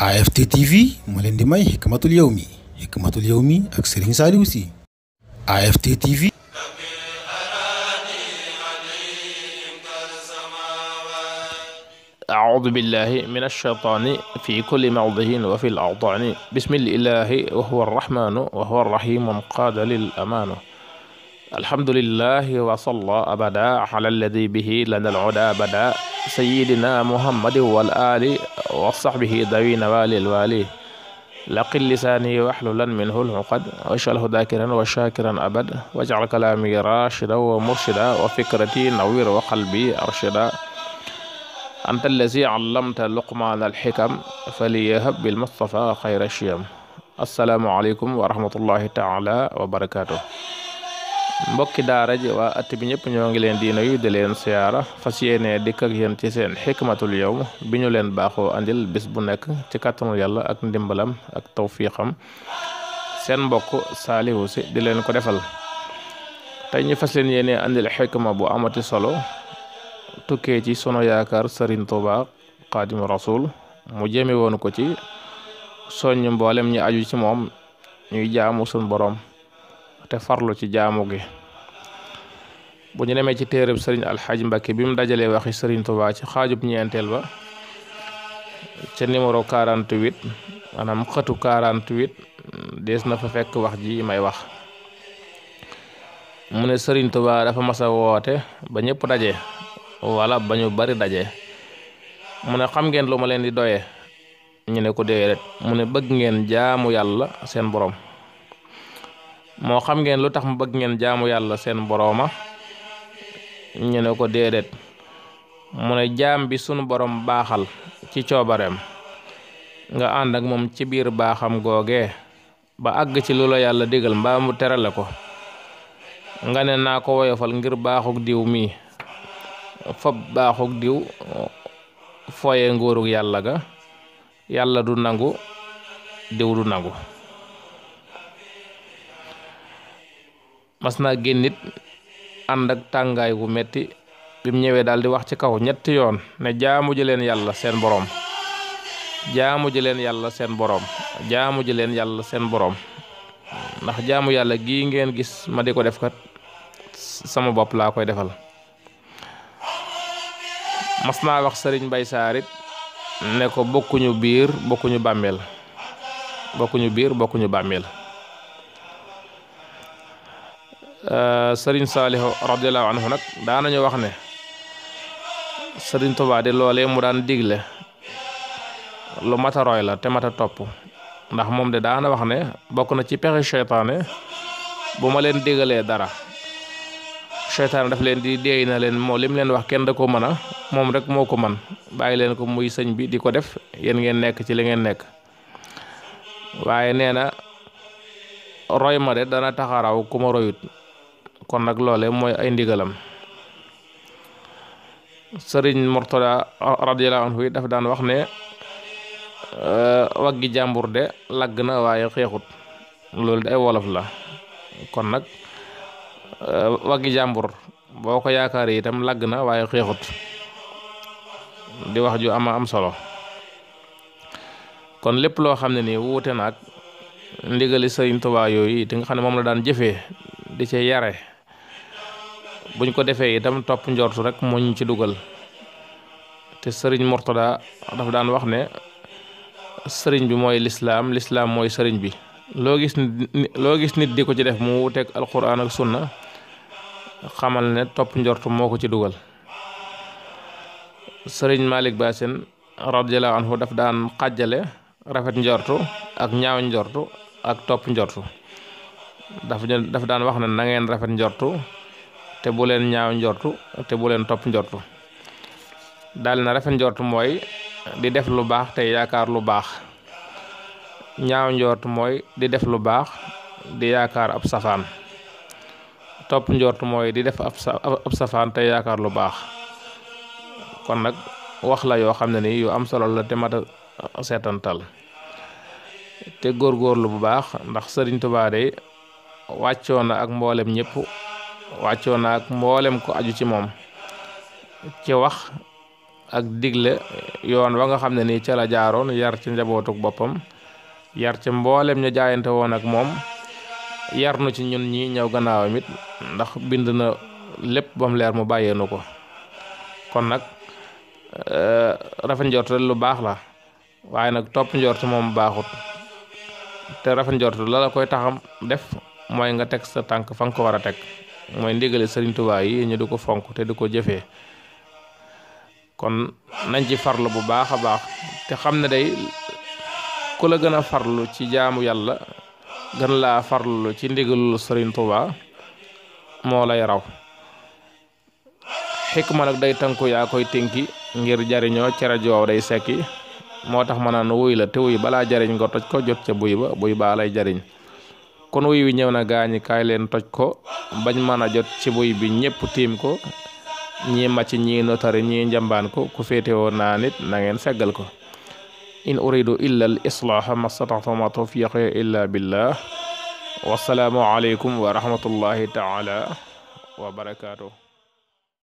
AFT TV moo leen di may Hikmatul Yawmi Hikmatul Yawmi ak Serigne Saliou Sy AFT TV أعوذ بالله من الشيطان في كل موضع وفي الأوطان بسم الله وهو الرحمن وهو الرحيم قاد للأمان alhamdulillahi wa salla abada ala alladi bihi lana alhuda abada sayidina muhammadi wal ali wa sahbihi dawina walil wali laqil lisaani waxlulan minhu lxuqad waj'alhu dakiran wa shakiran abad waj'al kalaami rashida wa murshida wa fikrati nawir wa qalbi arshida anta allazi allamta luqmaan alxikam faliyahab bilmustafa xayra shiyam assalaamu aleykum wa rahmatullahi taala wa barakatuh mbokki daara ji waa at bi ñëpp ñoo ngi leen di nuyu di leen siyaara fas yéene dikk ak yéen ci seen xikmatul yawm bi ñu leen baaxoo andil bis bu nekk ci kàttanu yàlla ak ndimbalam ak tawfiixam seen mbokk saalihu si di leen ko defal te ñi fas leen yéene andil xikma bu amati solo tukkee ci sunu yaakaar Sëriñ Tuubaa Xaadimu Rasuul mu jëme woon ko ci soññ mboolem ñi aju ci moom ñuy jaamu sun boroom te farlu ci jaamu gi bu ñu demee ci téereb sëriñ alxaaji mbaki bi mu dajalee waxi sëriñ Tuubaa ci xaajub ñeenteel ba ca numéro 48 maanaam xëtu 48 des na fa fekk wax ji may wax mu ne sëriñ Tuubaa dafa mas woote ba ñëpp daje wala ba ñu bari daje mu ne xam ngeen lu ma leen di doye ñu ne ko déedéet mu ne bëgg ngeen jaamu yàlla seen boroom moo xam ngeen lu tax mu bëgg ngeen jaamu yàlla seen borooma ñu ne ko déedéet mu ne jaam bi sunu borom baaxal ci coobareem nga ànd ak moom ci biir baaxam googee ba àgg ci lu la yàlla digal mbaa mu terale ko nga ne naa ko woyofal ngir baaxug diw mii fob baaxug diw foye nguurug yàlla ga yàlla du nangu diw du nangu mas naa génn nit ànd ak tàngaay wu metti bi mu ñëwee daal di wax ci kaw ñetti yoon ne jaamu ji leen yàlla seen boroom jaamu ji leen yàlla seen boroom jaamu ji leen yàlla seen boroom ndax jaamu yàlla gii ngeen gis ma di ko def kat sama bopp laa koy defal mas naa wax sëriñ Mbay Saarit ne ko bokkuñu biir bokkuñu bàmmeel bokkuñu biir bokkuñu bàmmeel Euh, sëriñ saalihu radiallahu anhu nag daanañu wax ne sëriñ Tuubaa di loole mu daan digle lu mata roy la te mata topp ndax moom de daana wax ne bokk na ci pexe seytaane bu ma leen digalee dara seytaane daf leen di déey na leen moo lim leen wax kenn da ko mën a moom rek moo ko man bàyyi leen ko muy sëñ bi di ko def yéen ngeen nekk ci li ngeen nekk waaye nee na roy ma de dana taxaraw ku royut kon nag loole mooy ay ndigalam sëriñ Murtada radiyallahu anhu dafa daan wax ne waggi jàmbur de lagg na waaye xeexut loolu de ay wolof la kon nag waggi jàmbur boo ko yaakaaree itam lagg na waaye xeexut di wax ju ama am solo kon lépp loo xam ne nii wuute naag ndigali sëriñ Tuubaa yooyu te nga xam ne moom la daan jëfee di ca yare buñ ko defee itam topp njortu rek moo ñu ci dugal te sëriñ Mortada dafa daan wax ne sëriñ bi mooy lislaam lislaam mooy sëriñ bi loo gis nit loo gis nit di ko ci def mu wuteeg alquran ak sunna xamal ne topp njortu moo ko ci dugal sëriñ Malick Bassène radiyallahu anhu daf daan xàjjale rafet njortu ak ñaaw njortu ak topp njortu daf daf daan wax ne nangeen rafet njortu te bu leen ñaaw njortu te bu leen topp njortu daal na rafet njortu mooy di def lu baax te yaakaar lu baax ñaaw njortu mooy di def lu baax di yaakaar ab safaan topp njortu mooy di def ab yaakaar lu baax kon nag wax la yoo xam ne nii yu am solo la te mat a seetantal te góorgóorlu bu baax ndax Sëriñ Tuubaa de wàccoo na ak mboolem ñëpp wàccoo na mboolem ko aju ci moom ci wax ak digle yoon wa nga xam ne ni ca la jaaroon yar ci njabootuk boppam yar ci mboolem ña jaayante woon ak moom yar nu ci ñun ñi ñëw gannaawam ndax bind na lépp ba mu leer mu bàyyee nu ko kon nag eh, rafet njort lu baax la waaye nag topp njort moom baaxut te rafet njort la koy taxam def mooy nga teg sa tànk fa nga ko war a teg mooy ndigale sëriñ Tuubaa yi ñu di ko fonk te di ko jëfee kon nañ ci farlu bu baax a baax te xam ne day ku la gën a farlu ci jaamu yàlla gën laa farlu ci ndigalul sëriñ moo lay raw ma nag day tënku yaa koy tinki ngir jariñoo cere joow day sekki moo tax ma naan wuy la te wuy balaa jariñ nga toj ko jot ca buy ba buy baa lay jariñ kon wuy wi ñëw na gaañi kaay leen toj ko bañ ma a jot ci buy bi ñëpp tiim ko ñii màcc ñii notari ñii njambaan ko ku féetewoo naa nit nangeen ngeen seggal ko in uridu illa al islaaha mastata'tu ma tawfiqi illa billah wasalaamu aleykum wa rahmatullahi taala wa